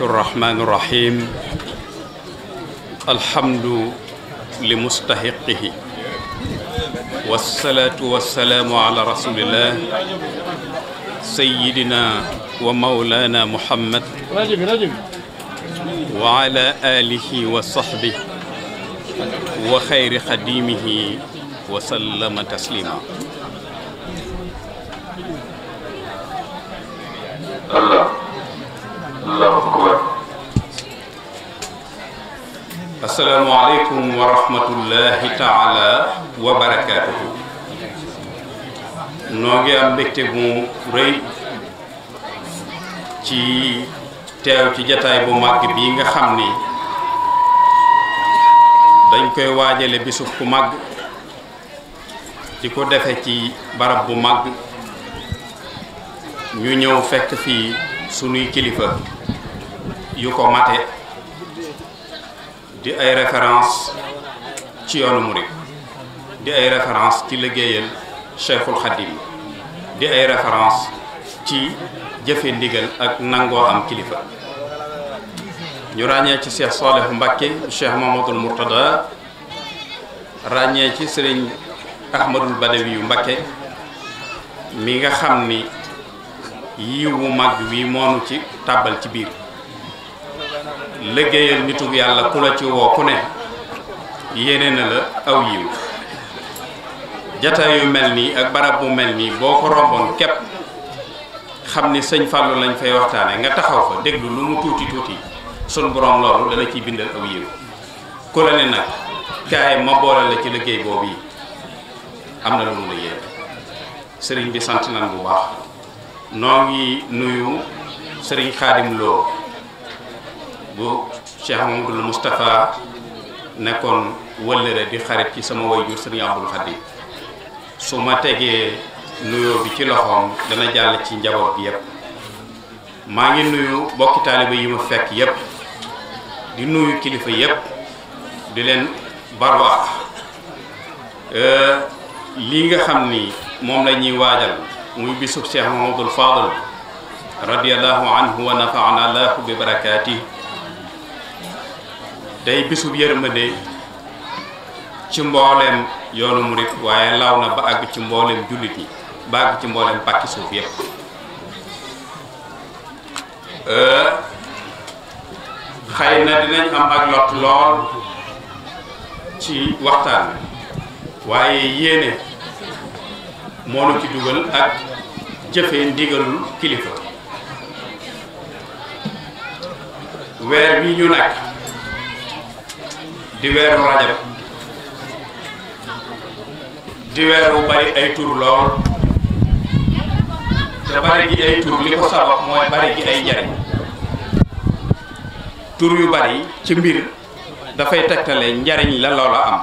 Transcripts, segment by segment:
الله الرحمن الرحيم الحمد لمستحقه والصلاة والسلام على رسول الله سيدنا ومولانا محمد وعلى آله وصحبه وخير خديمه وسلم تسليما الله allahu akbar assalaamu aleykum wa rahmatullahi taala wa barakaatuhu noo ngi am mbégte bu rëy ci teew ci jataay bu màgg bii nga xam ni dañ koy waajale bisub ku màgg di ko defe ci barab bu màgg ñu ñëw fekk fii sunuy kilifa yu ko mate di ay référence ci yoonu murid di ay référence ci liggéeyal Cheikhul Khadim di ay référence ci jëfe ndigal ak nangoo am kilifa ñu ràññee ci Cheikh Salih Mbacké Cheikh Mamadou Mourtada ràññee ci sëriñ Ahmadul Badawi yu Mbacké mi nga xam ni mu mag wi moonu ci tàbbal ci biir liggéeyal nitug yàlla ku la ci woo ku ne yéene la aw yiw jataay mel nii ak barab bu mel nii boo ko romboon képp xam ni sëñ Fallou lañ fay waxtaane nga taxaw fa déglu lu mu tuuti tuuti sun borom loolu dala ciy bindal aw yiw ku la ne nag kaay ma boole la ci liggéey boobu yi am na lu mu la yéen sëriñ bi sant nan bu baax noo ngi nuyu sëriñ Xaadim Lo bu Cheikh Mamadou nekkoon wëllëre di xarit ci sama wayjur sëriñ Abdul su ma tegee nuyoo bi ci loxoom dana jàll ci njaboot bi yépp maa ngi nuyu bokki taaliba yi ma fekk yépp di nuyu kilifa yépp di leen barwaax euh, lii nga xam ni moom la ñuy waajal muy bisub Cheikh Mamadul Fadal radiallahu anhu wa nafaana laahu bi barakaati day bisub yërmande ci mbooleem yoonu murit waaye law na ba àgg ci mbooleem jullit yi ba àgg ci mbooleem pàkki suuf yépp xëy na dinañ am ak lot lool ci waxtaan waaye yéene moo ci dugal ak jëfe ndigalul kilifa weer wi ñu nekk di weeru rajab di weeru bari ay tur lool te bari gi ay tur li ko sabab mooy bari gi ay njariñ tur yu bari ci mbir dafay tegtale njariñ la loola am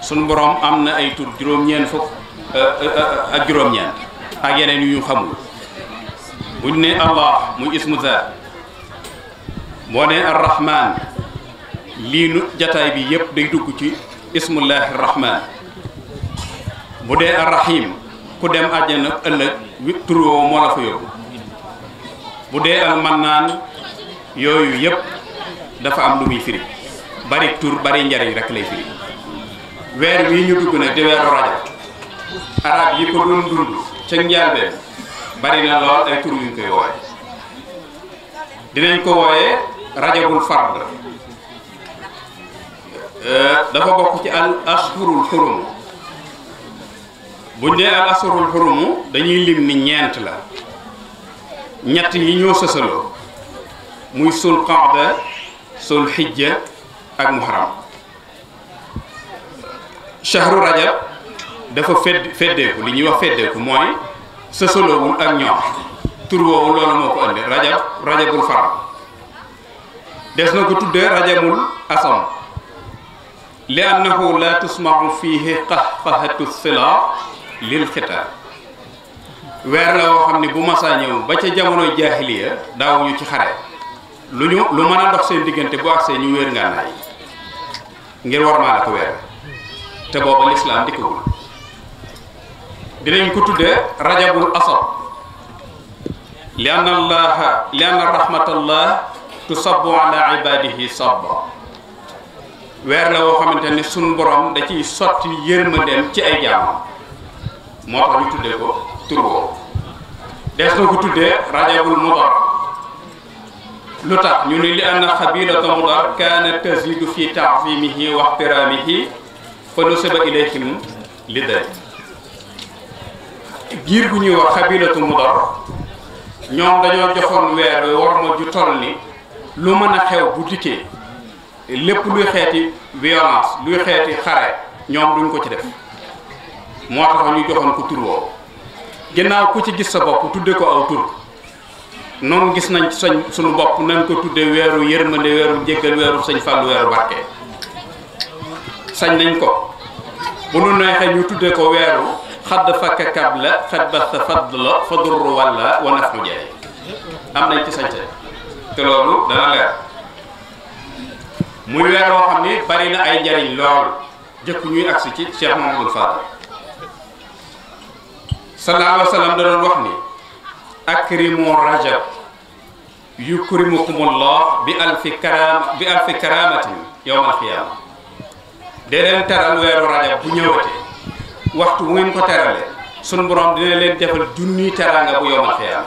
sunu boroom am na ay tur juróom-ñeent fukk Euh, euh, euh, ak juróom-ñeent ak yeneen yu ñu xamul buñ ne allah muy ismu zaat boo ne arrahman lii nu jataay bi yëpp day dugg ci ismullahi rahman bu dee arrahim ku dem àjjana ëllëg turoo moo la fa yóbbu bu dee almannaan yooyu yëpp dafa am lu muy firi bari tur bari njariñ rek lay firi weer wii ñu dugg na di weeru rajab arab yi ko doon dund ca njëlbeen bari na lool ay tur wooye dinañ ko wooyee rajabul fard euh, dafa bokk ci al ashurul xurum buñ dee al xurumu dañuy lim ni ñeent la ñett yi ñoo sësaloo muy sul qaada sul xijja ak muharam shahru rajab dafa fedde ko li ñuy wax se solo sësaloowul ak ñoo tur wo loolu moko ko raja rajab rajabul faram des na ko raja rajabul asam li annahu la tusma'u fihi qahqahatu sila lil xitaan wer la wo xamni ne bu masaa ñew ba ca jamonoy jaahiliya ñu ci xare lu ñu lu mëna dox seen digënté bu axé ñu nga nay ngir war ma la ko wër te bobu l'islam dikkagul dinañ ko tuddee rajabul asab li anna allaha li anna rahmatallah tusabbu ala ibadihi sabba weer la woo xamante ni sunu borom da ciy sotti yërmandeem ci ay jaamam moo tax ñu tuddee ko tur boobu des na ko tuddee rajabul mudar lu tax ñu ni li anna xabilata mudar kaana tazidu fi taazimihi wa ixtiraamihi fa nusiba li dalik giir gu ñuy wax xabilatu mudar ñoom dañoo joxoon weer war ma ju toll ni lu mën a xew bu dikkee lépp luy xeeti violence luy xeeti xare ñoom duñ ko ci def moo tax ñu joxoon ko tur woowu ginnaaw ku ci gis sa bopp tudde ko aw tur noonu gis nañ sañ suñu bopp nañ ko tudde weeru yërmande weeru jéggal weeru sëñ fàllu weeru barke sañ nañ ko bu nu neexee ñu tudde ko weeru خدفك كبلة خدبث فضل فضر ولا ونف جاي أم نيتي سنجة تلولو دلالة مويوة روحمي بارينا أي جارين لول جكوني أكسيتي شيخ محمد الفاتح صلى الله عليه وسلم دون وحني أكرموا رجب يكرمكم الله بألف كرام بألف كرامة يوم القيامة دلالة روحمي بارينا أي جارين لول جكوني أكسيتي شيخ محمد الفاتح waxtu bu ngeen ko terale sunu borom dina leen defal junniy teraanga bu yomal xiyaama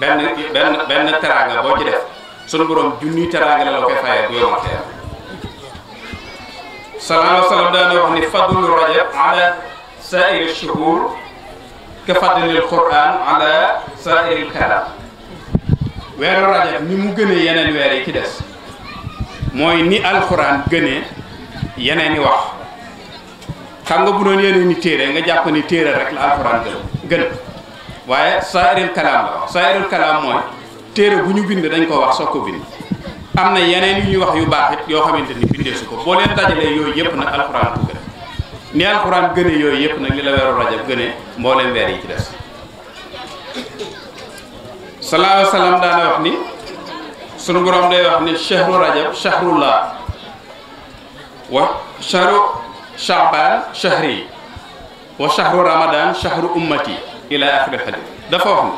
benn benn benn teraanga boo ci def sunu borom junniy teraanga la la koy fayee bu yomal xiyaama sallallahu alayhi wa wax ni fadlu rajab ala sairi shuhur ka fadlil quran ala weeru rajab ni mu gënee yeneen weer yi ci des mooy ni alquran gënee yeneen i wax xanga bu doon yéene ni téere nga japp ni téré rek la alcorane gën gën waye sairul kalam sairul kalam moy téré mooy bu ñu bind dañ ko wax soko bind amna na yeneen yu ñuy wax yu baax it yoo xamante ni bindee su leen dajalé yoy yépp nag alcorane ko gën ni alcorane gëne yoy yépp nak lila wéru raja rajab mo leen wér yi ci dess sallallahu des wasallam da na wax ni sunu borom day wax ni shahru rajab shahrullah wa shahru chaban chahri wa chahru ramadan chahru ummati ila axiril xadis dafa wax ne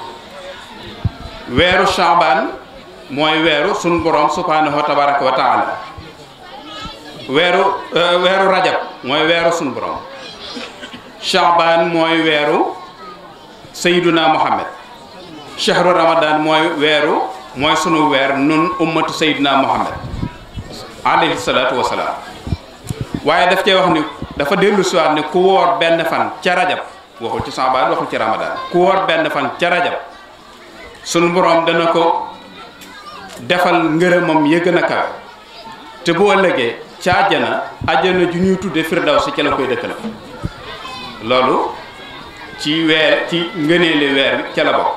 weeru chaban mooy weeru sun borom subhanahu wa tabaraka weeru euh, weeru rajab mooy weeru sun borom chaban mooy weeru sayduna muhammad chahru ramadan mooy weeru mooy sunu weer nun ummatu sayduna muhammad alayhi salaatu wasalaam waaye daf cee wax ni dafa dellu si waat ni ku woor benn fan ca rajab waxul ci saabaan waxul ci ramadaan ku woor benn fan ca rajab sunu borom dana ko defal ngërëmam yëg na kawe te bu ëllëgee ca àjjana àjjana ju ñuy tudde firdawsi ca la koy dëkk la loolu ci weer ci ngëneeli weer bi ca la bokk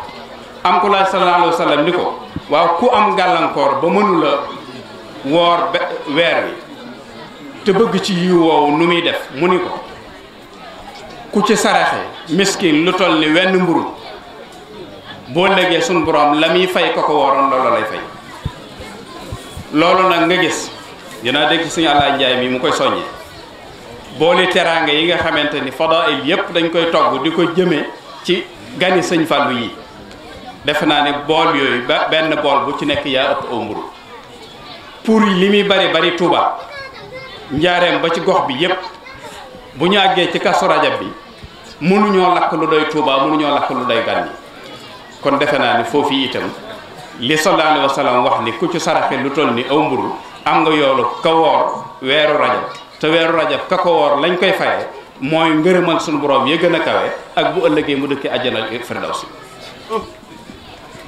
am ko laaj sallallahu alayhi ni ko waaw ku am gàllankoor ba mënula woor weer wi te bëgg ci yiw woowu nu muy def mu ni ko ku ci saraxe miskin lu toll ni wenn mburu boo légee suñu borom la muy fay ko ko waroon loolu lay fay loolu nag nga gis dinaa dégg suñu àllaa njaay mi mu koy soññee booli teraanga yi nga xamante ni fadail yépp dañ koy togg di ko jëme ci gani sëñ fàllu yi defe naa ne bool yooyu benn bool bu ci nekk yaa ëpp au mburu pour li muy bari bari tuubaa njaareem ba ci gox bi yépp bu ñu àggee ci kasu rajab bi mënuñoo lakk lu doy Touba mënuñoo lakk lu doy gan kon defe naa ni foofu itam li sallallahu alayhi wax ni ku ci saraxe lu toll ni aw mburu am nga yoolu ka woor weeru rajab te weeru rajab ka ko woor lañ koy faye mooy ngërëmal suñu borom ya gën a kawe ak bu ëllëgee mu dëkk àjjana firdaws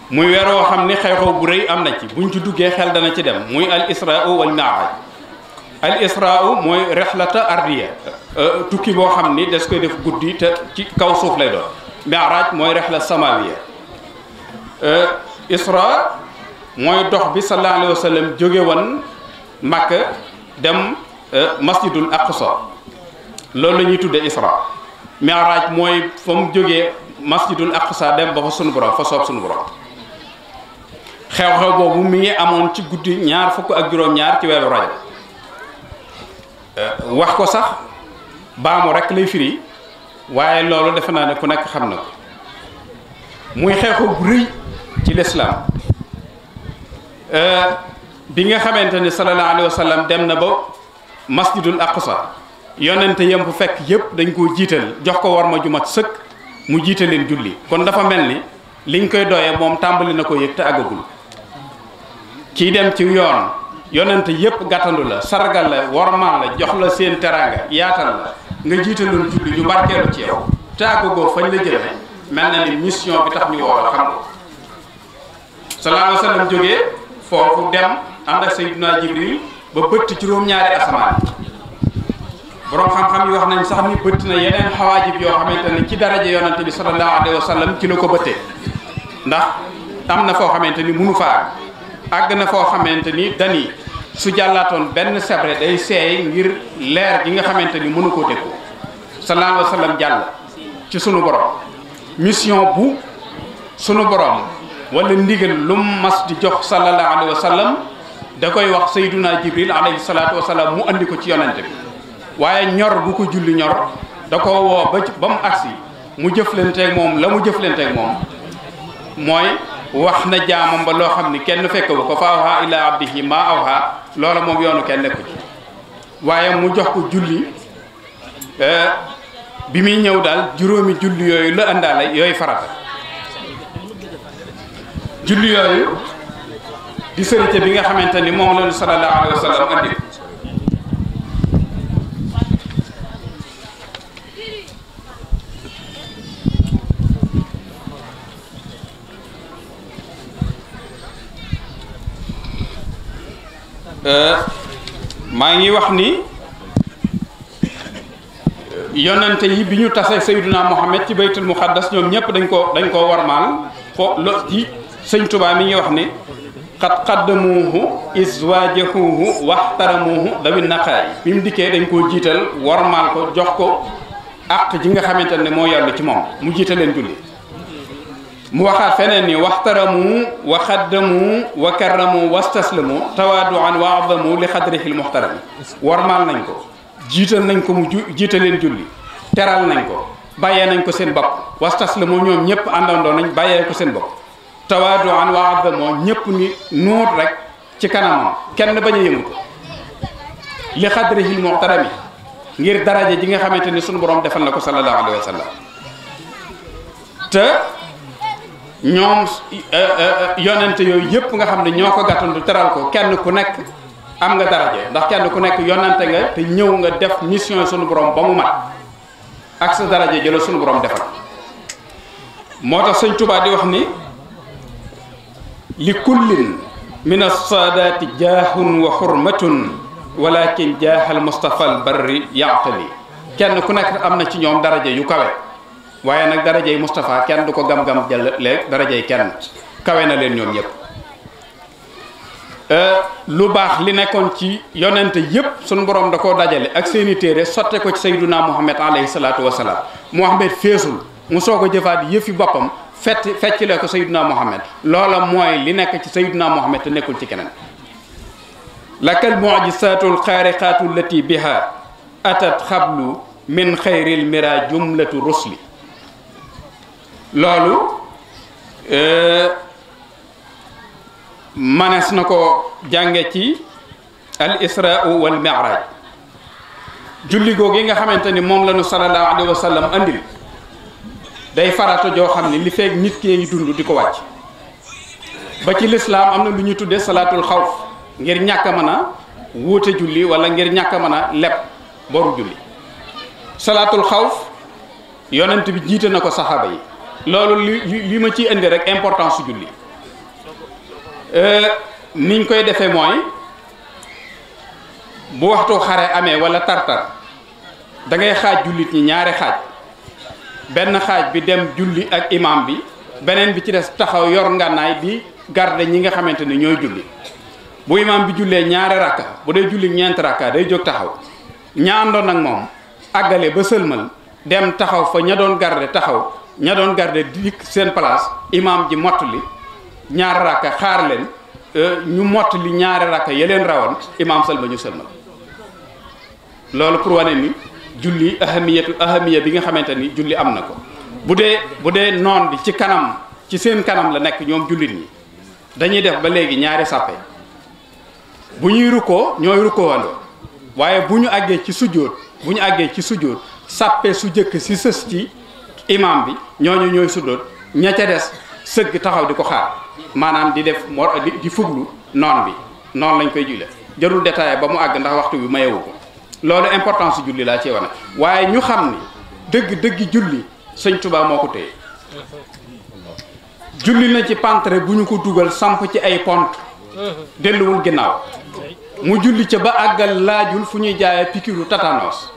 muy weer woo xam ni xew-xew bu rëy am na ci buñ ci duggee xel dana ci dem muy al israa wal mi'raaj al isra'u mooy rexlata ardiya euh, tukki boo xam ni des koy def guddi te ci kaw suuf lay doon raaj mooy rexla samawiya euh, isra mooy dox bi sallallahu alayhi wa jóge woon Makka dem euh, masjidul aqsa loolu la ñuy tudde isra mi'raj mooy fa mu jógee masjidul aqsa dem ba fa sunu borom fa soob sunu borom xew-xew boobu mu ngi amoon ci guddi ñaar fukk ak juróom-ñaar ci weeru rajab Euh, wax ko sax baamu rek lay firi waaye loolu defe naa ne ku nekk xam na ko muy xeexu bu rëy ci lislaam euh, bi nga xamante ni sallallahu alayhi wa dem na ba masjidul aqsa yonente yem bu fekk yépp dañ koo jiital jox ko war ma ju mat sëkk mu jiitaleen julli kon dafa mel ni liñ koy doyee moom tàmbali na ko yëg te àggagul kii dem ci yoon yonent yépp gàttandu la sargal la wormaal la jox la seen teraanga yaatal la nga jiitaloon julli ñu barkeelu ci yow taagagoo fañ la jëlee mel na ni mission bi tax ñu woo la xam nga sallallahu alayhi wa sallam jógee foofu dem ànd ak sayyidina Jibril ba bëtt juróom-ñaari asamaan borom xam-xam yi wax nañ sax ni bëtt na yeneen xawaajib yoo xamante ne ci daraja yonante bi sallallahu alayhi ci la ko bëttee ndax am na foo xamante ni munu faa àgg na foo xamante ni dani su jàllaatoon benn sabre day seey ngir leer gi nga xamante ni mënu koo déglu sallallahu alayhi wa jàll ci sunu borom mission bu sunu borom wala ndigal lu mas di jox sallallahu alayhi wa da koy wax sayduna jibril alayhi salaatu wa salaam mu andi ko ci yonante bi waaye ñor bu ko julli ñor da ko woo ba ba mu agsi mu jëflanteeg moom la mu jëflanteeg moom mooy wax na jaamam ba loo xam ni kenn fekkewu ko fa awha illa abdihi ma awha loola moom yoonu kenn nekku ci waaye mu jox ko julli bi muy ñëw daal juróomi julli yooyu la àndaale yooyu farata julli yooyu di sërite bi nga xamante ni moom la sallallahu alayhi wa sallam andi Euh, maa ngi wax ni yonente yi bi ñu tasee Sayyiduna Muhammad ci baytul muqaddas ñoom ñëpp dañ ko dañ koo warmaal fo lo ci sëñ Tuubaa mi ngi wax ni xat xaddamuuhu iswaajahuuhu waxtaramuuhu dawi naqaay bi mu dikkee dañ koo jiital warmaal ko jox ko àq ji nga xamante ne moo yàllu ci moom mu jiitaleen julli موخا فنني واحترموا وخدموا وكرموا واستسلموا تواضعا وعظموا لقدره المحترم ورمال نانكو جيتال نانكو جيتالين جولي ترال نانكو بايا نانكو سين باب واستسلموا نيوم نيب اندون دون بايا نانكو سين باب تواضعا وعظموا نيب ني نور رك تي كانام كين باجا يمكو لقدره المحترم غير درجه جيغا خامتني سونو بروم ديفال نكو صلى الله عليه وسلم ñoom euh, euh, yonente yooyu yëpp nga xam ne ñoo ko gàttandu teral ko kenn ku nekk am nga daraje ndax kenn ku nekk yonente nga te ñëw nga def mission sunu borom ba mu mat ak sa daraje jëla sunu borom defal moo tax sëñ Tuubaa di wax ni li kullin min assaadaati jaahun wa xurmatun walakin jaahal mustafa al barri yaatali kenn ku nekk am na ci ñoom daraje yu kawe waaye nag darajey mustafa kenn duko gam gam-gam jëlee darajey kenn kawe na len ñom ñep euh lu bax li nekkon ci yonente yépp sun borom da ko dajale ak seeni téré soté ko ci sayyiduna muhammad alayhi salatu wasalaam muhammad feesul mu soko a jëfaat yëfi boppam fett feccile ko sayyiduna muhammad loola moy li nekk ci sayyiduna muhammad te nekkul ci keneen lakal mucjisaatu alxaariqaatu allati biha atat khablu min xayril mira jumlatu rusli loolu euh, manees na ko jànge ci al israu wal miraj julli googu nga xamante ni moom la ñu sallallahu alayhi wa sallam day farata joo xam ne li feeg nit kee ngi dund di ko wàcc ba ci lislaam am na lu ñuy tuddee salaatul xawf ngir ñàkk a mën a wuute julli wala ngir ñàkk a mën a leb boru julli salaatul xawf yonent bi jiite na ko saxaaba yi loolu li li ma ci indi rek importance su julli euh, niñ koy defee mooy bu waxtu xare amee wala tartar da ngay xaaj jullit ñi ñaari xaaj benn xaaj bi dem julli ak imam bi beneen bi ci des taxaw yor ngànnaay bi garde ñi nga xamante ni ñooy julli bu imam bi jullee ñaari rakka bu dee julli ñeenti rakka day jóg taxaw ñaandoon ak moom àggale ba sëlmal dem taxaw fa ña doon garde taxaw ña doon garde dikk seen place imaam ji mottali ñaari rakka xaar leen euh, ñu mottali ñaari rakka ya leen rawoon imaam salma ñu salma loolu pour wane ni julli ahamiyatu ahamiya bi nga xamante ni julli am na ko bu dee bu dee noon bi ci kanam ci seen kanam la nekk ñoom jullit ñi dañuy def ba léegi ñaari sàppe bu ñuy rukkoo ñooy rukkoowandoo waaye bu ñu àggee ci sujjóot bu ñu àggee ci sujjóot sàppe su jëkk si sës ci imaam bi ñooñu ñooy suddoot ña ca des sëgg taxaw di ko xaar maanaam di def mor di fuglu noon bi noonu lañ koy julle jarul détaillé ba mu àgg ndax waxtu bi mayewu ko loolu importance julli laa ci wane waaye ñu xam ni dëgg dëgg julli sëñ Tuubaa moo ko téye julli na ci pantre bu ñu ko dugal samp ci ay pont delluwul ginnaaw mu julli ca ba àggal laajul fu ñuy jaayee pikiru tatanos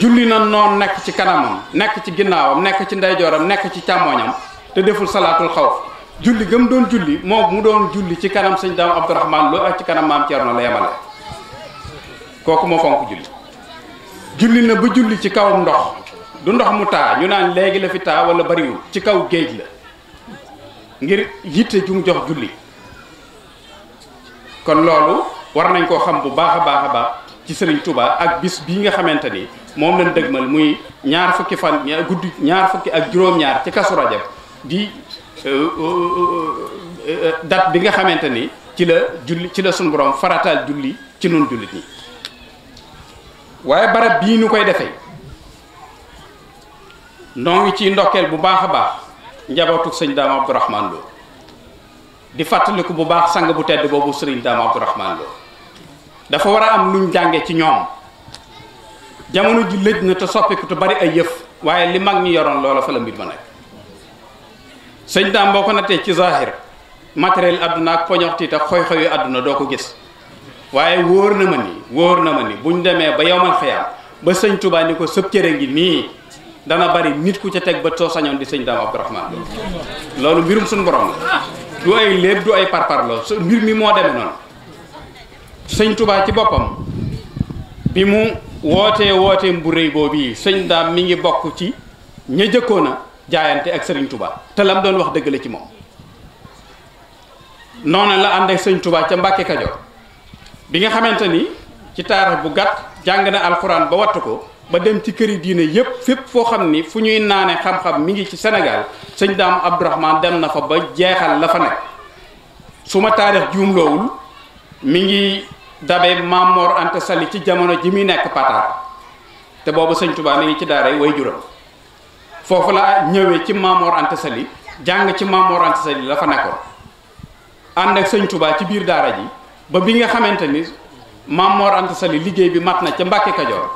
julli na noon nekk ci kanamam nekk ci ginnaawam nekk ci ndeyjooram nekk ci càmmooñam te deful salaatul xawf julli gëm doon julli moom mu doon julli ci kanam sëñ daam abdourahman lo ak ci kanam maam Thierno la yemale kooku fonk julli julli na ba julli ci kaw ndox du ndox mu taa ñu naan léegi la fi taa wala bariwul ci kaw géej la ngir yitte ju jox julli kon loolu war nañ koo xam bu baax a baax a baax ci sëriñ tubaa ak bis bii nga xamante ni mom lañ deggmal muy ñaar fukki fan ñaar guddi ñaar fukki ak juroom ñaar ci kasu radio di euh, euh, euh, dat bi nga xamanteni ci la julli ci la sun borom farataal julli ci non julli ni waye barab bi ñu koy defé noo ngi ciy ndokkeel bu baax a baax njabootug sëñ daam abdourahman loo di fàttaliku bu baax sang bu tedd boobu sëriñ daam abdourahman lo dafa wara am luñu jànge ci ñoom jamono ji lëj na te soppiku te bari ay yëf waaye li mag ñi yoroon loola fa la mbir daam boo ko nattee ci zahir matériel àdduna ak poñoxti te xoy àdduna doo ko gis waaye wóor na ma ni wóor na ma ni buñ demee ba yowmal xiyaam ba sëñ Tuubaa ni ko sëb cëre nii dana bari nit ku ca teg ba soo sañoon di sëñ daam loolu mbirum suñu borom ay léeb mbir mi moo demee noonu sëñ Tuubaa ci boppam bi mu wootee wooteem bu rëy boobu yi sëñ daam mi ngi bokk ci ña jëkkoon a jaayante ak sëriñ Touba te lam doon wax dëgg la ci moom noona la ànd ak sëñ Touba ca Mbàkke Kajoor bi nga xamante ni ci taarix bu gàtt jàng na alxuraan ba wattu ko ba dem ci këri diine yépp fépp foo xam ni fu ñuy naane xam-xam mi ngi ci senegal sëñ daam Abdourahman dem na fa ba jeexal la fa nekk su ma taarix juumloowul mi ngi dabe mamor ante sali ci jamono ji mi nek pataar te bobu sëñ touba mi ngi ci daara way juro fofu la ñëwee ci mamor ante sali jang ci mamor ante sali la fa nekko ànd ak ci bir daara ji ba bi nga xamanteni mamor ante sali liggéey bi matna ci ca mbàkke kajoor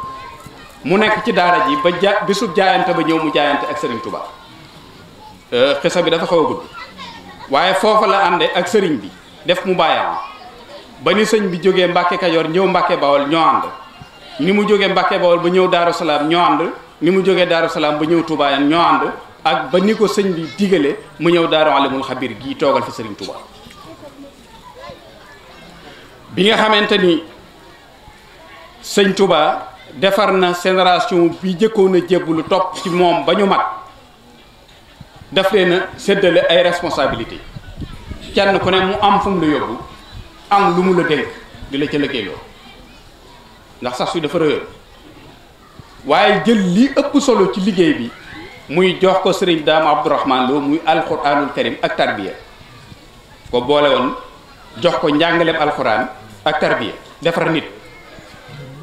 mu nek ci daara ji ba bisub jaayante ba ñëw mu jaayante ak touba euh xessa bi dafa gudd waaye la ànde ak bi def mu ba ni sëñ bi jógee Mbàkke Kajoor ñëw Mbàkke Bawol ñoo ànd ni mu jógee Mbàkke Bawol ba ñëw Daaru Salaam ñoo ànd ni mu jógee Daaru Salaam ba ñëw Touba ñoo ànd ak ba ni ko sëñ bi digale mu ñëw Daaru Alimul Xabir gii toogal fi sëriñ Touba bi nga xamante ni sëñ tubaa defar na génération bi jëkkoon a jébbalu topp ci moom ba ñu mat daf leen a ay responsabilité kenn ku ne mu am fu la yóbbu am lu mu la dénk di la ca liggéeyloo ndax sax su dafa rëyoon waaye jël li ëpp solo ci liggéey bi muy jox ko sëriñ daam abdourahman loo muy alquranul karim ak tarbiya ko boole woon jox ko njàngaleem alquran ak tarbiya defar nit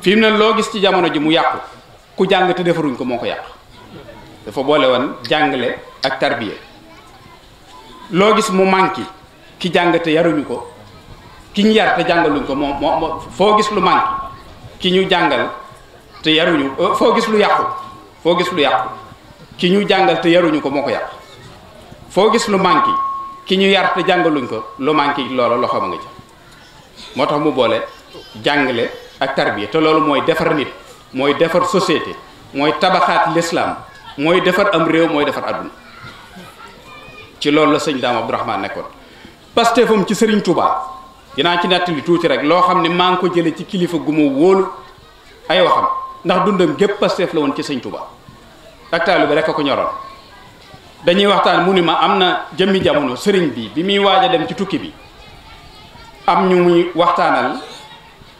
fi mu ne loo gis ci jamono ji mu yàqu ku jàng te defaruñ ko moo ko yàq dafa boole woon jàngale ak tarbiya loo gis mu manqué ki jàng te yaruñu ko ki ñu yar te jàngaluñ ko mo mo foo gis lu manqué ki ñu jàngal te yaruñu euh, foo gis lu yàqu foo gis lu yàqu ki ñu jàngal te yaruñu ko moo ko yàq foo gis lu manki ki ñu yar te jàngaluñ ko lu manki lolo loxo ma nga ci moo tax mu boole jàngale ak tarbiya te loolu mooy defar nit mooy defar société mooy tabaxaat l'islam mooy defar am réew mooy defar aduna ci loolu la sëñ daam abdourahman nekkoon ci sëriñ dinaa ci nettali tuuti rek loo xam ne maa ngi ko jëlee ci kilifa gu ma wóolu ay waxam ndax dundam gépp Pastef la woon ci sëñ Touba ak taalibe rek a ko ñoroon dañuy waxtaan mu ni ma am na jëmmi jamono sëriñ bi bi muy waaj dem ci tukki bi am ñu muy waxtaanal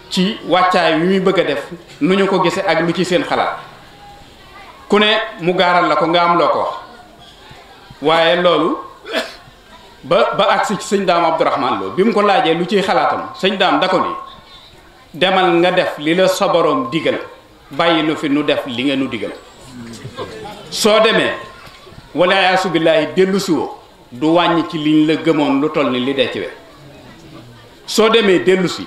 ci wàccaay yu muy bëgg a def nu ñu ko gisee ak lu ci seen xalaat ku ne mu gaaral la ko nga am loo ko wax waaye loolu ba ba agsi ci sëñ daam abdourahman bi mu ko laajee lu ciy xalaatam sëñ daam da ko ni demal nga def li la sa borom bàyyi nu fi nu def li nga nu digal soo demee wala yaasu billaahi dellu siwoo du wàññi ci liñ la gëmoon lu toll ni li dee soo demee dellu si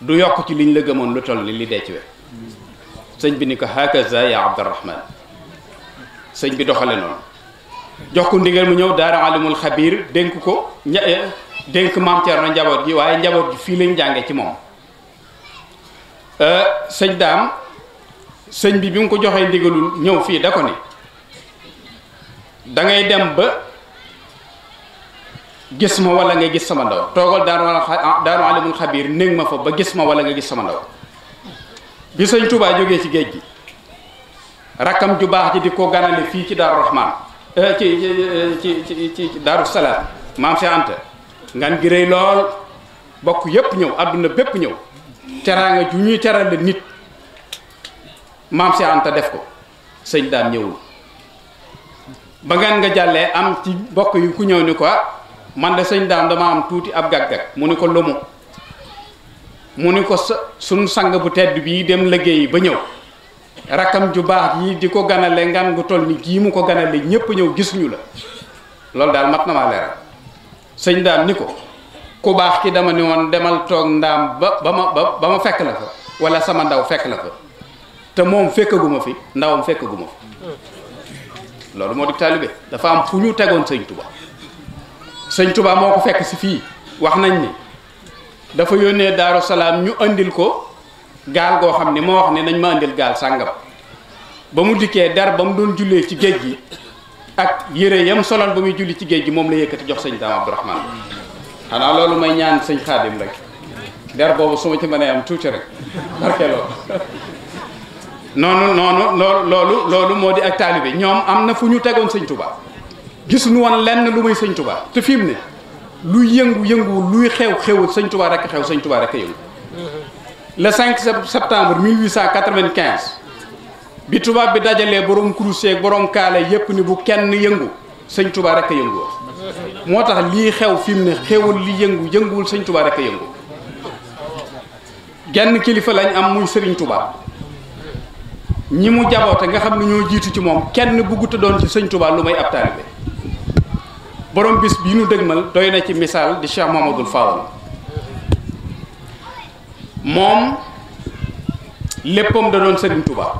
du yokk ci liñ la gëmoon lu toll ni li dee sëñ bi ni ko hakaza ya abdourahman sëñ bi doxale noonu jox ko ndigal mu ñëw daara alimul xabir dénk ko eh, dénk maam na njaboot gi waaye njaboot gi fii lañ jànge ci moom euh, sëñ daam sëñ bi bi mu ko joxee ndigalul ñëw fii da ko ni dangay dem ba gis ma wala nga gis sama ndaw toogal daaru alimul xabir néeg ma fa ba gis ma wala nga gis sama ndaw bi sëñ Touba jógee ci géej gi rakkam ju baax ji di ko ganale fii ci Daaru Rahman Eh, ci ci ci ci Daaru Salaam maam Cheikh Anta ngan gi rëy lool bokk yëpp ñëw àdduna bépp ñëw teraanga ju ñuy terale nit maam Cheikh Anta def ko sëñ daan ñëwul ba ngeen nga jàllee am ci bokk yu ku ñëw ni ko ah, man de sëñ daan dama am tuuti ab gàg-gàg mu ni ko lumu mu ni ko sa suñ sang bu tedd bii dem liggéeyi ba ñëw rakkam ju baax yi di ko ganale ngan gu toll ni gii mu ko ganale ñépp ñëw gisuñu la loolu daal mat na maa leeral sëñ daan ni ko ku baax ki dama ni woon demal toog ndaam ba ba ma ba ma fekk la fa wala sama ndaw fekk la fa te moom fekkaguma fi ndawam fekkaguma fi loolu moo di taalibe dafa am fu ñu tegoon sëñ Tuba sëñ Tuba moo ko fekk si fii wax nañ ni dafa yónnee Daaru Salaam ñu indil ko gaal goo xam ne moo wax ne nañ ma indil gaal sàngam ba mu dikkee der ba mu doon jullee ci géej gi ak yére yam solon ba muy julli ci géej gi moom la yëkkati jox sañ Daam Abdourahman xanaa loolu may ñaan sëñ Xaadim rek der boobu su ma ci mënee am tuuti rek barke loolu noonu noonu loolu loolu moo di ak taalibe ñoom am na fu ñu tegoon sëñ Tuubaa gis nu woon lenn lu muy sëñ Tuubaa te fi mu ne luy yëngu yëngu luy xew xewul sëñ Tuubaa rek xew sëñ Tuubaa rek yëngu le 5 septembre 1895 bi tubaab bi dajalee borom kurusee borom kaale yépp ni bu kenn yëngu sëñ Touba rek a yëngu moo tax lii xew fi ne xewul li yëngu yënguwul sëñ Touba rek yëngu genn kilifa lañ am muy Serigne Touba ñi mu jaboote nga xam ne ñoo jiitu ci moom kenn buggut a doon ci sëñ Touba lu may ab taalibe borom bis bi ñu dëgmal doy na ci misaal di Cheikh Mamadou Fawal moom léppam da doon sëriñ Touba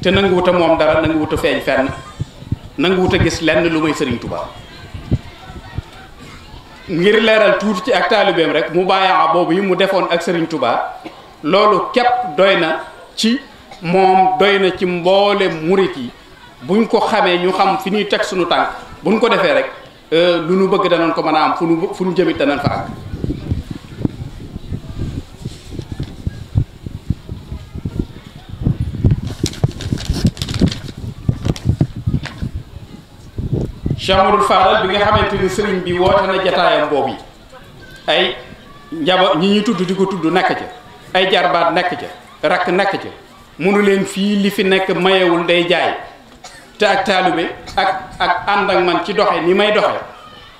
te nanguwut a moom dara nanguwut a feeñ fenn nanguwut a gis lenn lu may sëriñ Touba ngir leeral tuuti ci ak taalibeem rek mu bàyyi boobu yi mu defoon ak sëriñ Touba loolu képp doy na ci moom doy na ci mboole murit yi buñ ko xamee ñu xam fi ñuy teg suñu tànk buñ ko defee rek euh, lu nu bëgg danañ ko mën a am fu nu fu nu jëmit danañ fa Cheikh Modou Fadal bi nga xamante ni sëriñ bi woote na jataayam boobu yi ay njaba ñi ñu tudd di ko tudd nakk ca ay jarbaat nakk ca rakk nekk ca mënu leen fii li fi nekk mayewul day jaay te ak taalibe ak ak ànd ak man ci doxe ni may doxe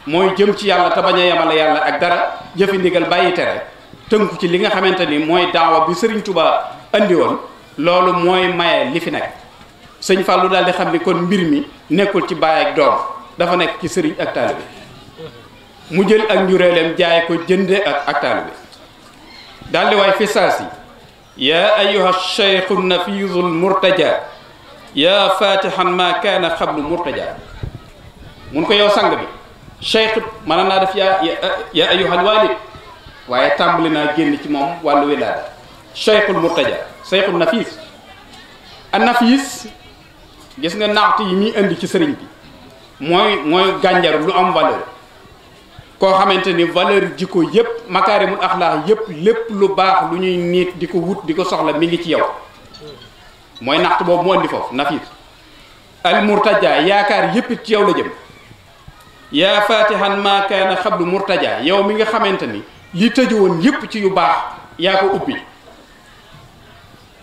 mooy jëm ci yàlla te bañ a yemale yàlla ak dara jëfe ndigal bàyyi tere tënku ci li nga xamante ni mooy daawa bi sëriñ Touba andi woon loolu mooy maye li fi nekk sëñ Fallou daal di xam ni kon mbir mi nekkul ci baay ak dafa nek ci serigne ak talibé mu jël ak njureelem jaay ko jënde ak ak talibé dal di way fi sasi ya ayyuha ash-shaykh an-nafiz al-murtaja ya fatihan ma kana xablu murtaja mun ko yow sang bi shaykh maanaam naa def ya ayyuha al walid waye tàmbali génn ci mom walu wilad shaykh al murtaja shaykh an-nafiz an-nafiz gis nga naxt yi muy indi ci serigne bi mooy mooy gànjar lu am valeur koo xamante ni valeur jikko yépp makaarimul axlaax yépp lépp lu baax lu ñuy niit di ko wut di ko soxla mi ngi ci yow mooy naxt boobu mu andi foofu nafiir al murtaja yaakaar yépp ci yow la jëm yaa fatihan na kaana xablu murtaja yow mi nga xamante ni li tëju woon yépp ci yu baax yaa ko ubbi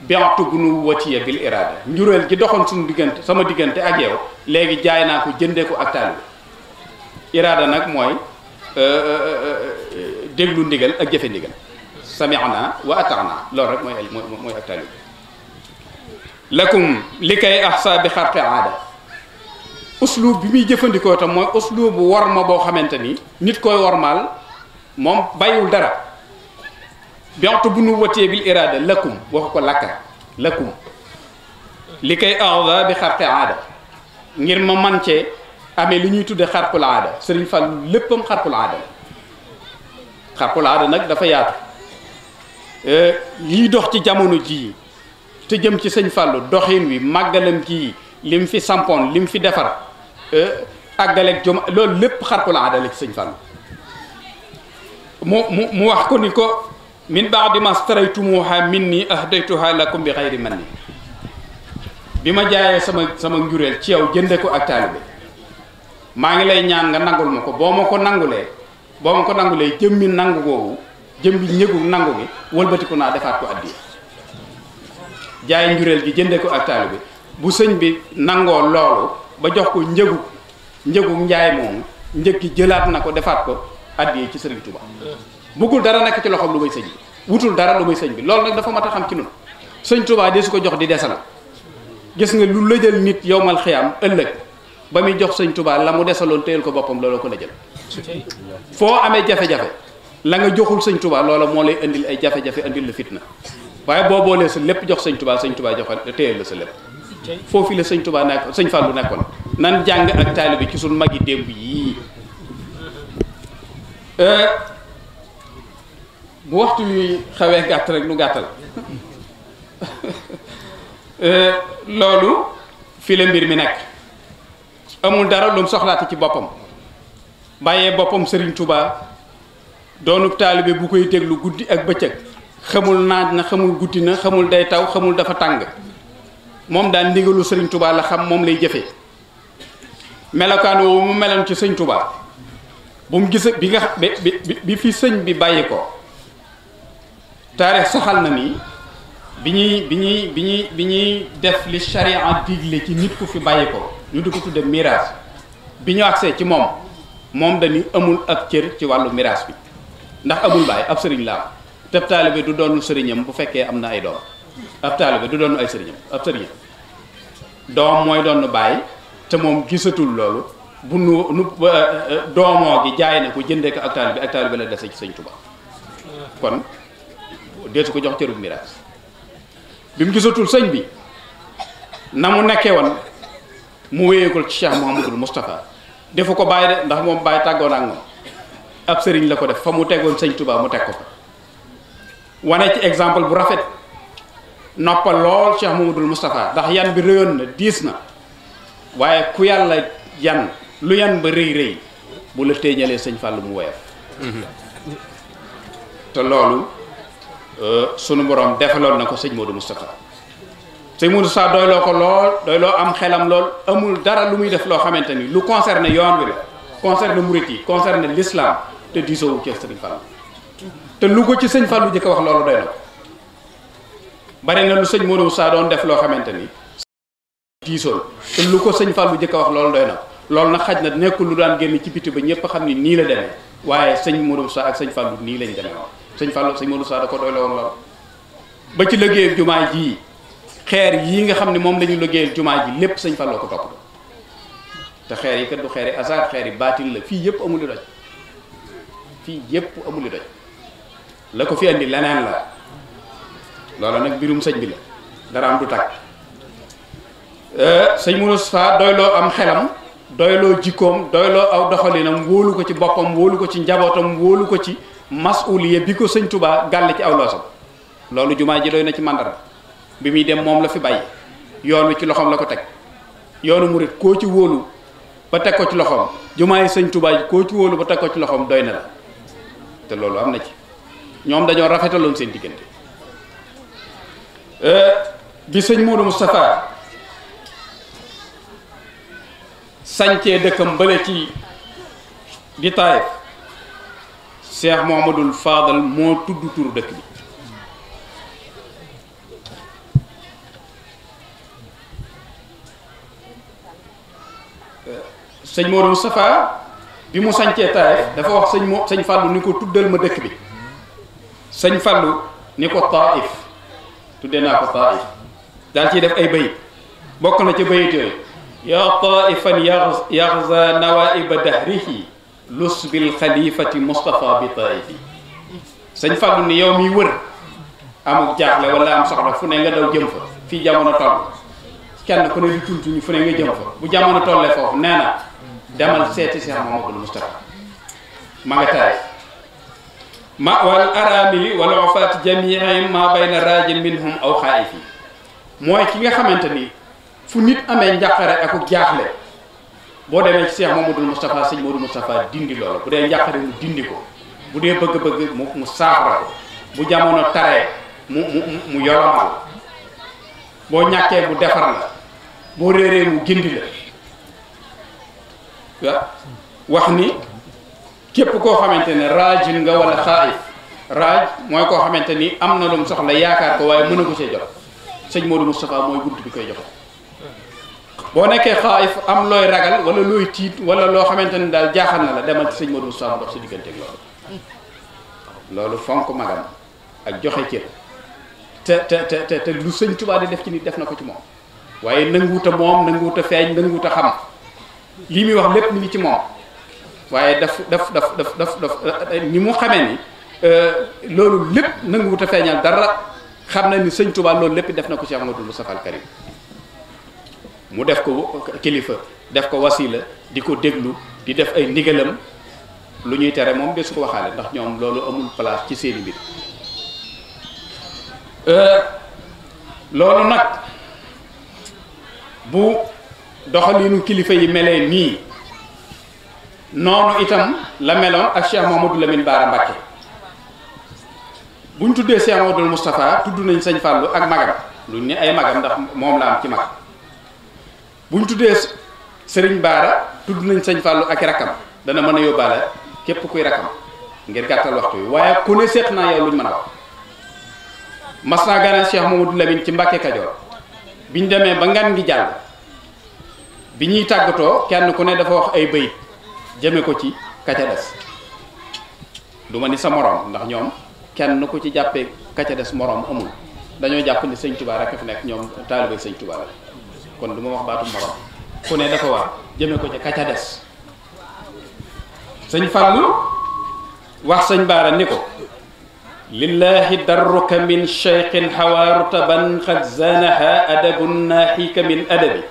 bientôt bu nu watiya bil irada njureel gi doxoon suñu diggante sama diggante ak yow léegi jaay naa ko jëndee ko ak taalibe irada nag mooy euh, euh, euh, déglu ndigal ak jëfe ndigal sami'na wa ata'na loolu rek mooy mooy mooy ak taalibe lakum li kay ahsa bi xarqi aada uslub bi muy jëfandikoo tam mooy uslub war ma boo xamante ni nit koy war warmaal moom bàyyiwul dara بيعطوا بنو وتيه بالإرادة لكم وهو لك لكم لكي أعوض بخرق عادة غير ما منك أمي لني تود خرق العادة سرير فل لبم خرق العادة خرق العادة نك دفعات لي دوخ جامونو جي تي جيم تي سيغ وي ماغالم كي لم في سامبون لم في دفر ا اغالك جوم لول لب خرق العادة لك سيغ فالو مو مو واخ كو min baadi ma staraytumuha minni ahdaytuha lakum bi xayri manni bi ma jaayee sama sama njureel ci yow jënde ko ak taalibe maa ngi lay ñaan nga nangul ma ko boo ma ko nangulee boo ma ko nangulee jëmmi nangu googu jëmbi njëgu nangu gi wëlbatiku naa defaat ko addiya jaay njureel gi jënde ko ak bi bu sëñ bi nangoo loolu ba jox ko njëgu njëgu njaay moomu njëg ki jëlaat na ko defaat ko addiya ci sëriñ Tuubaa buggul dara nekk ci loxoom lu may sëñ bi wutul dara lu may sëñ bi loolu nag dafa mat a xam ci nun sëñ Tuubaa de su ko jox di desal gis nga lu lëjal nit yowmal xiyaam ëllëg ba muy jox sëñ tubaa la mu desaloon téyel ko boppam loolu ko lëjal foo amee jafe-jafe la nga joxul sëñ Tuubaa loola moo lay indil ay jafe-jafe indil la fitna waaye boo boolee sa lépp jox sëñ Tuubaa sëñ Tuubaa joxe téyel la sa lépp foofu la sëñ Tuubaa nekk sëñ Fàllu nekkoon nan jàng ak taalibe ci suñ magi démb yii euh, bu waxtu wi xawee gàtt rek nu gàttal loolu fi la mbir mi nekk amul dara lu mu soxlaate ci boppam bàyyee boppam Serigne Touba doonub taalibe bu koy déglu guddi ak bëccëg xamul naaj na xamul guddi na xamul day taw xamul dafa tàng moom daan ndigalu Serigne Touba la xam moom lay jëfee melokaan woowu mu meloon ci sëñ Touba bu mu gis bi nga bi bi fi sëñ bi bàyyi ko. taarix soxal na ni bi ñuy bi ñuy bi ñuy bi ñuy def li charia digle ci nit ku fi bàyyi ko ñu di ko tudde miraas bi ñu agsee ci moom moom dañu amul ak cër ci wàllu miraas bi ndax amul bàyyi ab sëriñ laa am te ab du doonul sëriñam bu fekkee am na ay doom ab taalibe du doon ay sëriñam ab sëriñam doom mooy doon bàyyi te moom gisatul loolu bu nu nu doomoo gi jaay na ko jëndee ko ak taalibe ak taalibe la dese ci sëñ Tuubaa su ko jox cërub miraas bi mu gisatul sëñ bi na mu nekkee woon mu wéyagul ci Cheikh Mouhamadul Moustapha defu ko bàyyi de ndax moom bàyyi tàggoon ak moom ab sëriñ la ko def fa mu tegoon sëñ tubaab mu teg ko fa wane ci exemple bu rafet noppal lool Cheikh Mouhamadul Moustapha ndax yan bi réyoon na diis na waaye ku yàlla yan lu yan ba rëy rëy bu la téeñalee sëñ Fàllu mu woyof mhm. te loolu Euh, sunu borom defaloon na ko sëñ Modou Moustapha sëñ Modou Moustapha doyloo ko lool loo am xelam lool amul dara lu muy def loo xamante ni lu concerne yoon wi la concerne murit yi concerne te diisoowu ci sëñ Fallou te lu ko ci sëñ Fallou jëkk wax loolu doy na ko bari na lu sëñ Modou Moustapha doon def loo xamante ni diisoon te lu ko sëñ Fallou jëkk wax loolu doy na ko loolu nag xaj na nekkul lu daan génn ci biti ba ñëpp xam ni nii la demee waaye sëñ Modou Moustapha ak sëñ Fallou nii lañ demee sëñ Fallou sañ Modou Sa da ko doy lool lool ba ci liggéeyal jumaa ji xeer yii nga xam ne moom la ñu liggéeyal jumaa ji lépp sëñ Fallou ko topp te xeer yi kat du xeer yi hasard xeer yi baatin la fii yëpp amul doj fii yëpp amul doj la ko fi andi leneen la loola nag mbirum sëñ bi la dara am du tàkk euh, sëñ Modou Sa doyloo am xelam doyloo jikkoom doyloo aw doxalinam wóolu ko ci boppam wóolu ko ci njabootam wóolu ko ci masuliya bi ko sëñ tubaa gàll ci aw loosam loolu jumaa ji doy na ci màndara bi muy dem moom la fi bàyyi yoon wi ci loxoom la ko teg yoonu murit koo ci wóolu ba teg ko ci loxoom jumaa yi sëñ tubaa ji koo ci wóolu ba teg ko ci loxoom doy na la te loolu am na ci ñoom dañoo rafetaloon seen diggante euh, bi sëñ Modou Moustapha sañcee dëkkam bële ci di Taayif Cheikh Mouhamadul Fadal moo tudd turu dëkk bi sëñ Modou Moustapha bi mu sancee Taif dafa wax sëñ moo sëñ Fallou ni ko tuddal ma dëkk bi sëñ Fallou ni ko Taif tudde naa ko Taif daal ciy def ay bayit bokk na ca bayit yooyu yaa taifan yaxza nawaiba dahrihi لص بالخليفة مصطفى بطائفي سنفع من يوم يور أم جاهل ولا أم صغر فنان قد أجمف في جامعنا طول كان كنا يقول تني فنان جمف بجامعنا طول لفوف نانا دمال سيتي سيها محمد المصطفى ما قتاي ما والأرامي والعفات جميعا ما بين الراجل منهم أو خائفي موي كيغا خامتاني فو نيت امي نجاخare ak ak jaxle bo demee ci Cheikh Mamadou mustapha seigne Mamadou mustapha dindi lolo bu dee njàqare mu dindi ko bu dee bëgg-bëgg mu mu saafara ko bu jamono taré mu mu mu yoromal bo ñaké bu défar la bo réré mu gindi la ya, wax ni képp ko xamante ne nga wala khaif raj moy ko xamante amna lu mu soxla yaakaar ko waaye mëna ko ci jox seigne Mamadou mustapha moy guddu bi koy joxe boo nekkee xaayif am looy ragal wala looy tiit wala loo xamante ni daal jaaxal na la demal ci sëñ Modou Moustapha dox sa diggante ak loolu loolu fonk magam ak joxe cër te te lu sëñ Tuubaa di def ci nit def na ko ci moom waaye nanguwut a moom nanguwut a feeñ nanguwut a xam muy wax lépp mi ngi ci moom waaye daf daf daf daf daf daf eh, ni mu eh, loolu lépp nanguwut a feeñal dara xam na ni sëñ Tuubaa loolu lépp def na ko Cheikh Modou Moustapha al Karim mu def ko kilifa def ko wasila di ko déglu di def ay ndigalam lu ñuy tere moom de su ko waxaale ndax ñoom loolu amul place ci seeni mbir euh, loolu nag bu doxalinu kilifa yi melee nii noonu itam la meloon ak Cheikh Mouhamadou Lamine Bara Mbacké buñ tuddee Cheikh Mouhamadou Moustapha tudd nañ sëñ Fallou ak magam luñ ne ay magam ndax moom la am ci mag bu ñu tuddee sëriñ Baara tudd nañ sëñ Fàllu ak rakkam dana mën a yóbbaale képp kuy rakkam ngir gàttal waxtu wi waaye ku ne seet naa yow luñ mën a wax mas naa gane Cheikh Mamadou Lamine ci Mbàkke Kajoor bi ñu demee ba ngan ngi jàll bi ñuy tàggatoo kenn ku ne dafa wax ay bayit jëme ko ci kaca des du ma ni sa moroom ndax ñoom kenn ku ci jàppee kaca des moroom amul dañoo jàpp ni sëñ Tuubaa rekk fi nekk ñoom taalibe sëñ Tuubaa kon du ma wax baatu morom ku ne dafa war jëme ko ca ka ca des sëñ Fallu wax sëñ Baara ni ko lillahi darruka min cheikhin xawaaru taban xad zanaha adabun naaxika min adabi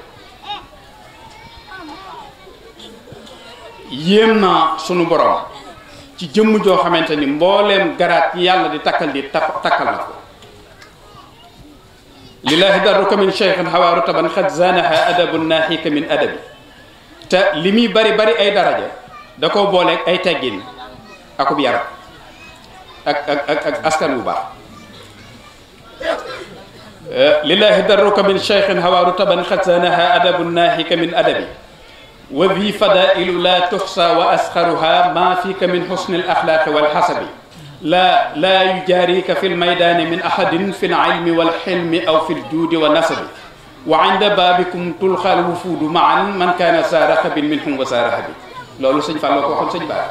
yéem naa sunu borom ci jëmm joo xamante ni mbooleem garaat yi yàlla di takkal di takkal na ko لله دارك من شيخ حوار تبن خد زانها ادب الناحيك من ادبي تا لمي بري بري اي درجه داكو بولك اي تاجين اكو بيار اك اك اك, أك اسكن بوبا أه لله دارك من شيخ حوار تبن خد زانها ادب الناحيك من ادبي وذي فضائل لا تحصى واسخرها ما فيك من حسن الاخلاق والحسب لا لا يجاريك في الميدان من أحد في العلم والحلم أو في الجود والنسب وعند بابكم تلقى الوفود معا من كان سارة خبين منهم وسارة خبين loolu sëñ Fall ko waxoon sëñ Bara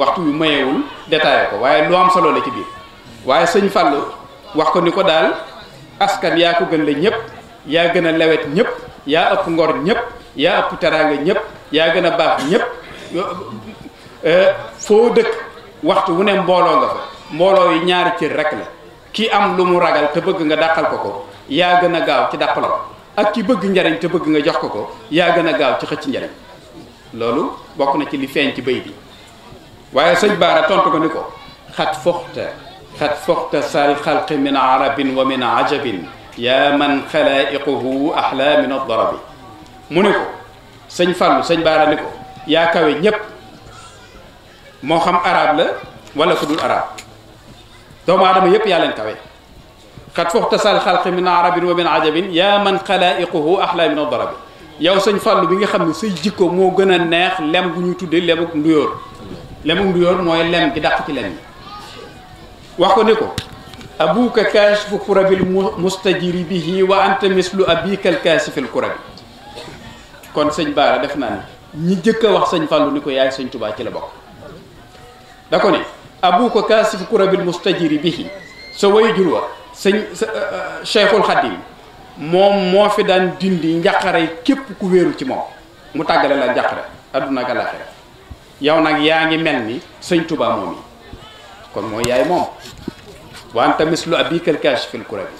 waxtu yu mayewul détaillé ko waaye lu am solo la ci biir waaye sëñ Fall wax ko ni ko daal askan yaa ko gën la ñëpp yaa gën a lewet ñëpp yaa ëpp ngor ñëpp yaa ëpp teraanga ñëpp yaa gën a baax ñëpp foo dëkk waxtu wu ne mbolo nga fa mbolo yi ñaari ci rek la ki am lu mu ragal te bëgg nga dakal ko ko ya gëna gaaw ci dakal ko ak ki bëgg njariñ te bëgg nga jox ko ko ya gëna gaaw ci xëc njariñ loolu bokku na ci li feeñ ci bëy bi waaye sëñ baara tontu ko ni ko xat foxta xat foxta sal xalqi min arabin wa min ajabin yaa man xalaa'iquhu ahla min addarabi mu ni ko sëñ fàllu sëñ baara ni ko kawe ñépp mo xam arab la wala ko dul arab do ma adam yep yaa leen kawe xat tasal khalqi min arab wa min ajab ya man qalaiquhu ahla min ad-darab yow sëñ fàllu bi nga xam ne say jikko mo gëna neex lem bu ñu tuddé lem tuddee lemuk nduyóor lemuk nduyóor moy lem gi dakk ci lem wax ko ni ko abuka kaashifu kurabil mustajiri bihi wa anta mislu abika al-kashf al kurabi kon sëñ bara def na ni ñi jëk wax sëñ fàllu ni ko yaay sëñ tubaa ci la bokk dako ne abuka kasif kurabil mustajiri bihi sa wayjur wa sëñ cheikhul khadim moom moo fi daan dindi njaqare képp ku wéeru ci moom mu tàggale la njaqare aduna ak alaxira yow nag yaa ngi mel ni sëñ tuba moom yi kon mooy yaay moom wa anta mislu abikal kashifil kurabi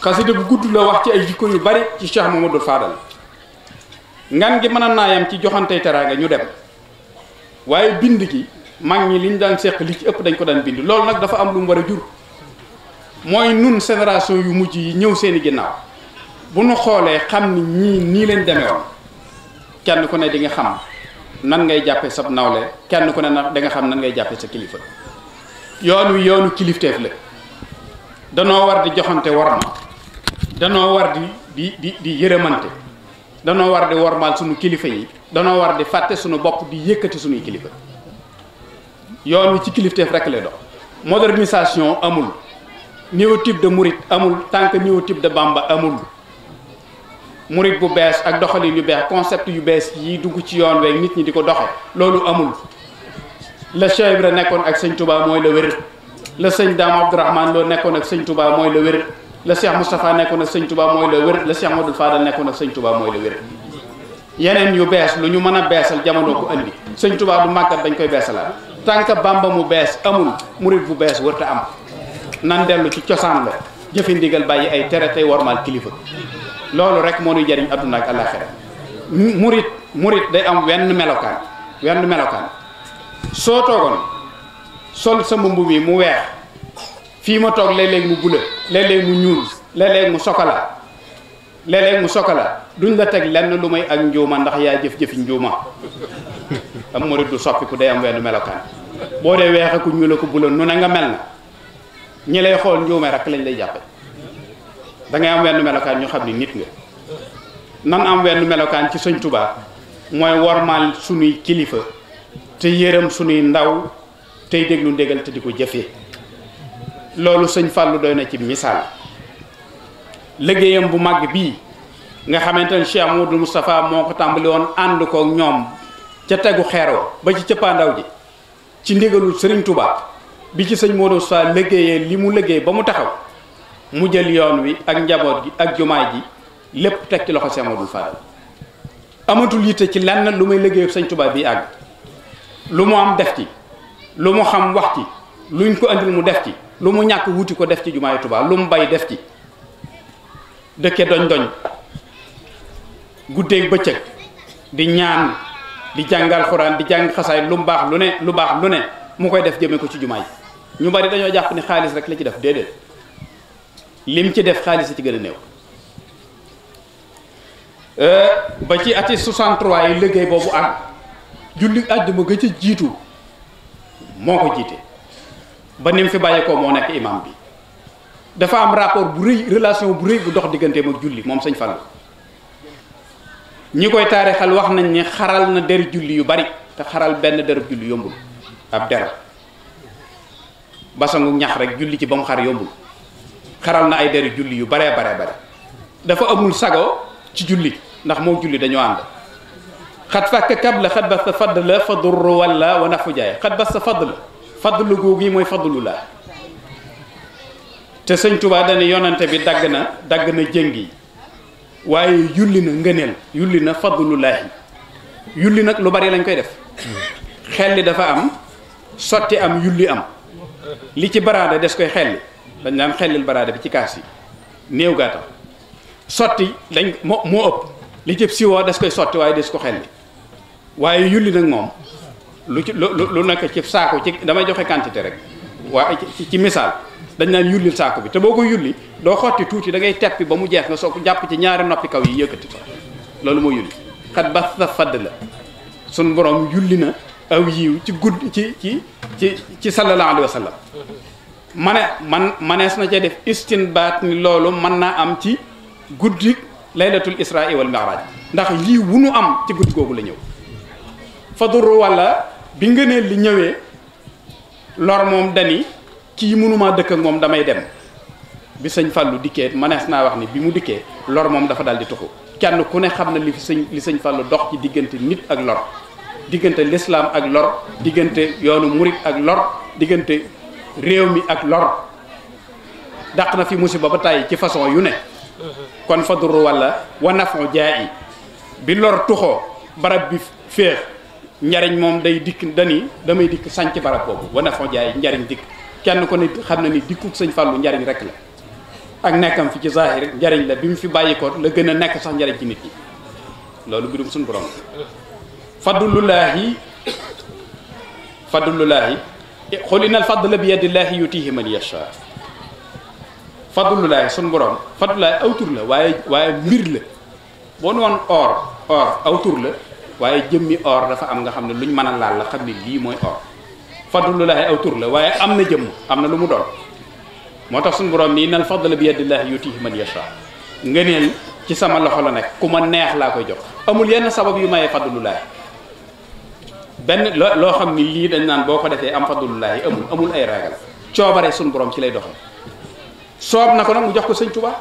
xasida bu gudd la wax ci ay jikko yu bari ci cheikh mamadou fadal ngan gi mën a naayam ci joxantey teraanga ñu dem waaye bind gi mag ñi li ñu daan seq li ci ëpp dañ ko daan bind loolu nag dafa am lu mu war a jur mooy nun génération yu mujj yi ñëw seeni ginnaaw bu nu xoolee xam ni ñii nii leen demee kenn ku ne di xam nan ngay jàppe sa nawle kenn ku ne nag di nga xam nan ngay jàppe sa kilifa yoon wi yoonu kilifteef la danoo war di joxante worma danoo war di di di di yërëmante danoo war di wormaal sunu kilifa yi danoo war di fàtte suñu bopp di yëkkati suñuy kilifa yoon wi ci kilifteef rek lay dox modernisation amul nouveau type de murit amul tant que nouveau type de bamba amul murit bu bees ak doxalin yu beex concept yu bees yi dugg ci yoon weeg nit ñi di ko doxe loolu amul la Cheikh Ibra nekkoon ak sëñ Touba mooy la wér la sëñ Daam a loo nekkoon ak sëñ Touba mooy la wér la Cheikh Moustapha nekkoon ak sëñ Touba mooy la wér la Cheikh Modou Fadal nekkoon ak sëñ Touba mooy la wér yeneen yu bees lu ñu mën a beesal jamono ko andi sëñ Tuubaa du màggat dañ koy beesalaat tant que Bàmba mu bees amul murit bu bees wërta am nan dellu ci cosaan la jëfe ndigal ay tere tey warmal kilifa loolu rek moo ñuy jariñ adduna ak murit murit day am wenn melokaan wenn melokaan soo toogoon sol sa mbubb mi mu weex fii ma toog léeg-léeg mu bula léeg-léeg mu ñuul léeg-léeg mu sokala léeg-léeg mu sokola duñ la tek lenn lu may ak njuma ndax yaa jëf-jëfi njuma am murit du ku day am wenn melokaan boo dee weexe ku la ko bulon nu na nga mel ñi lay xol njuma rek lañ lay jàppe da ngay am wenn melokan ñu xamni nit nga nan am wenn melokan ci sëñ touba moy wormaal sunuy kilifa te yërëm sunuy ndaw te déglu ndégal te diko jëfé lolu loolu fallu doyna ci misal liggéeyam bu mag bii nga xamante ne Cheikh du Moustapha moo ko tàmbali woon ànd ko ñoom ca tegu xeeroo ba ci cëppaandaw ji ci ndigalul Serigne Touba bi ci sëñ Modou sa liggéeyee li mu liggéey ba mu taxaw mu jël yoon wi ak njaboot gi ak jumaay ji lépp teg ci loxo Cheikh Modou Fadal amatul yitte ci lenn lu may liggéey sañ tubaab bi àgg lu mu am def ci lu mu xam wax ci luñ ko andil mu def ci lu mu ñàkk wuti ko def ci jumaay tubaab lu mu bay def ci dëkke doñ doñ guddeeg bëccëg di ñaan di jàngal xuraan di jàng xasaay lu baax lu ne lu baax lu ne mu koy def jëmee ko ci jumaay ñu bari dañoo jàpp ni xaalis rek la ci def déedéet lim ci def xaalis ci gën a néew. Euh, ba ci ati 63 yi liggéey boobu ak julli àjjuma ga ci jiitu moo ko jiite ba ni mu fi bàyyeekoo moo nekk imam bi dafa am rapport bu rëy relation bu rëy bu dox digganteem ak julli moom sëñ Fallou. ñi koy taarixal wax nañ ni xaral na der julli yu bari te xaral benn derub julli yombul ab der basangu ñax rek julli ci bam xar yombul xaral na ay der julli yu bare bare bare dafa amul sago ci julli ndax moo julli dañu ànd xat fàkk kab la xat ba sa fadd la fadru walla wana fu jaay xat ba sa fadd la faddlu googu mooy faddlu laa te sëñ Tuubaa dana yonante bi dagg na dagg na jëng yi waye yulli ngeenel ngëneel fadlullah na fadlulaahi yulli nag lu bari lañ koy def li dafa am soti am yulli am li ci barada des koy xel dañ nan xelil barada bi ci kasi new gata soti dañ mo moo li ci siwo des koy soti waye des ko xel waye yulli nag lu lu nak ci saako ci dama joxe quantité rek waye ci misal dañ naan yullil saako bi te boo ko yulli doo xotti tuuti dangay teppi ba mu jeex nga soog jàpp ci ñaari noppi kaw yi yëkkati ko loolu moo yulli xat ba sa fadd la sun borom yulli na aw yiw ci gudd ci ci ci ci sallallahu alayhi wa sallam ma man manees na cee def istinbaat ni loolu mën naa am ci guddi laylatul israa wal mi'raaj ndax yii wu nu am ci guddi googu la ñëw faduru wala bi ngëneel li ñëwee lor moom dani kii mënumaa dëkk ak moom damay dem bi sëñ Fallou dikkee manees naa wax ni bi mu dikkee lor moom dafa daal di tuxu kenn ku ne xam na li sañ li sëñ Fallou dox ci diggante nit ak lor diggante lislaam ak lor diggante yoonu murik ak lor diggante réew mi ak lor dàq na fi musiba ba tàyyi ci façon yu ne kon fadru walla wanafon jaa yi bi lor tuxoo barab bi féex njariñ moom day dikk dani damay dikk sànc barab boobu wanafon jaa yi njariñ dikk kenn ko nit xam na ni dikkug sëñ Fallou njariñ rek la ak nekkam fi ci zahir njariñ la bi mu fi bàyyi ko la gën a nekk sax njariñ ci nit ñi loolu mbirum suñu borom fadlullaahi fadlullaahi xul inal fadla bi yadillaahi yutihi man yasha fadlullaahi suñu borom fadlullaahi aw tur la waaye waaye mbir la boo nu woon or or aw tur la waaye jëmmi or dafa am nga xam ne luñ mën a laal la xam ne lii mooy or fadlullaahi aw tur la waaye am na jëmm lu mu doon moo tax borom nii nal fadla bi yadillaahi yutiihi man yasha ngëneel ci sama loxo la nekk ku ma neex laa koy jox amul yenn sabab yu mayee fadlullaahi benn loo loo xam dañ naan boo ko am fadlullaahi amul amul ay ragal coobare suñu borom ci lay doxal soob na ko nag mu jox ko sëñ Tuubaa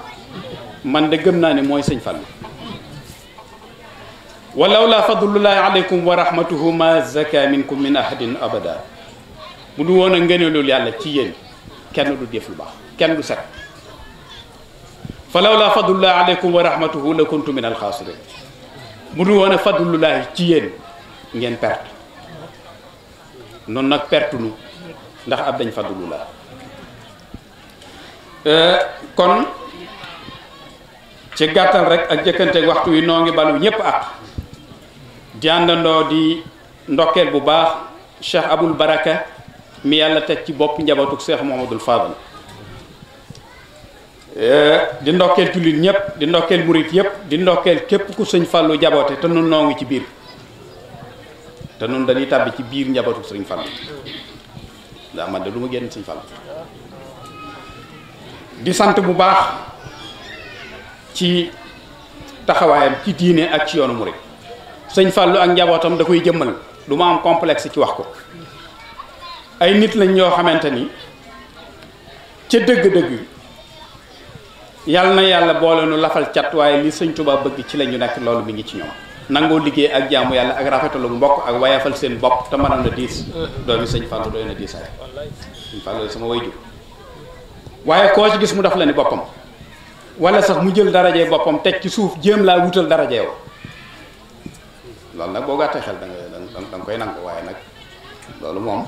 man de gëm naa ne mooy Fall walaw laa fadlullaahi aleykum wa rahmatuhu ma zaka minkum min ahadin abada bu du woon a ngëneelul yàlla ci yéen kenn du def lu baax kenn du set fa lawla fadlullah aleykum wa rahmatuhu la kuntu min alxaasirin bu du woon a fadlullahi ci yéen ngeen perte noonu nag perte nu ndax ab dañ fadlullah kon ci gàttal rek ak jëkkanteeg waxtu wi noo ngi balu ñépp ak di àndandoo di ndokkeel bu baax Cheikh Abul Baraka mi yàlla teg ci bopp njabootuk seex Muhammadul Fadal eh, di ndokkeel jullit ñëpp di ndokkeel murit yëpp di ndokkeel képp ku sëñ Fallou jaboote te nun noo ngi ci biir te nun dañuy tàbbi ci biir njabootuk sëñ Fallou ndax man génn sëñ Fallou di sant bu baax ci taxawaayam ci diine ak ci yoonu murit sëñ Fallou ak njabootam da koy jëmmal du ma am complexe ci wax ko ay nit lañ yoo xamante ni ca dëgg-dëgg yàlla na yàlla boole nu lafal cat waaye li sëñ Tuubaa bëgg ci lañu ñu nekk loolu mi ngi ci ñoom nangoo liggéey ak jàmm yàlla ak rafetalu mbokk ak wayafal seen bopp te mënoon a diis doomi sëñ Fallou doy na diis ay sëñ Fallou sama way jur waaye koo ci gis mu def la ni boppam wala sax mu jël darajee boppam teg ci suuf jéem laa wutal darajee wo loolu nag boo gàttee xel da koy nangu waaye nag loolu moom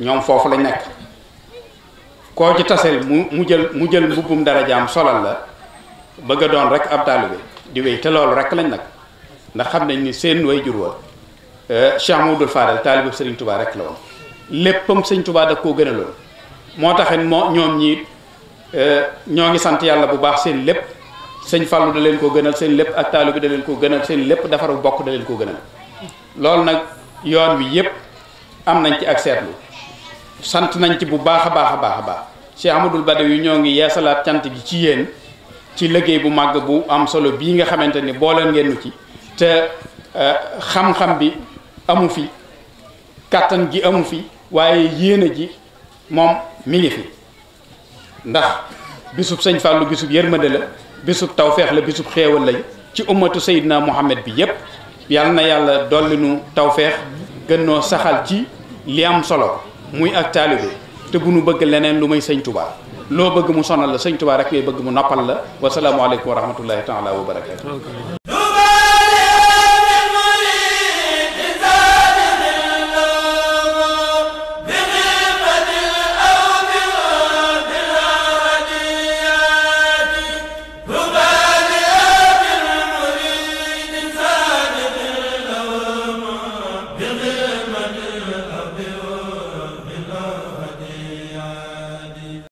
ñoom foofu lañ nekk koo ci tasari mu mu jël mu jël mbubbum darajaam solal la bëgg a doon rek ab taalibe di wéy te loolu rek lañ nag ndax xam nañ ni seen way jur wa euh, Cheikh Mamadou Fadel taalibu Serigne Touba rek la woon léppam sëñ Touba da koo gënaloon moo taxin moo ñoom ñi euh, ñoo ngi sant yàlla bu baax seen lépp sëñ Fallou da leen koo gënal seen lépp ak taalu bi da leen koo gënal seen lépp defaru bokk da leen koo gënal loolu nag yoon wi yépp am nañ ci ak seetlu sant nañ ci bu baax a baax a baax a baax Cheikh Amadou yu ñoo ngi yeesalaat cant gi ci yéen ci liggéey bu màgg bu am solo bii nga xamante ni booleel ngeen nu ci te euh, xam-xam bi amu fi kàttan gi amu fi waaye yéene ji moom mi ngi fi ndax bisub sëñ Fallou bisub yërmande la bisub tawfeex la bisub xéewal lañ ci ummatu Seydina Muhammad bi yépp yàlla na yàlla dolli nu tawfeex gën noo saxal ci li am solo muy ak taalibe te bu nu bëgg leneen lu may sëñ tubaa loo bëgg mu sonal la sëñ tubaa rek ngay bëgg mu noppal la wasalaamualeykum wa rahmatullahi taala wa barakatu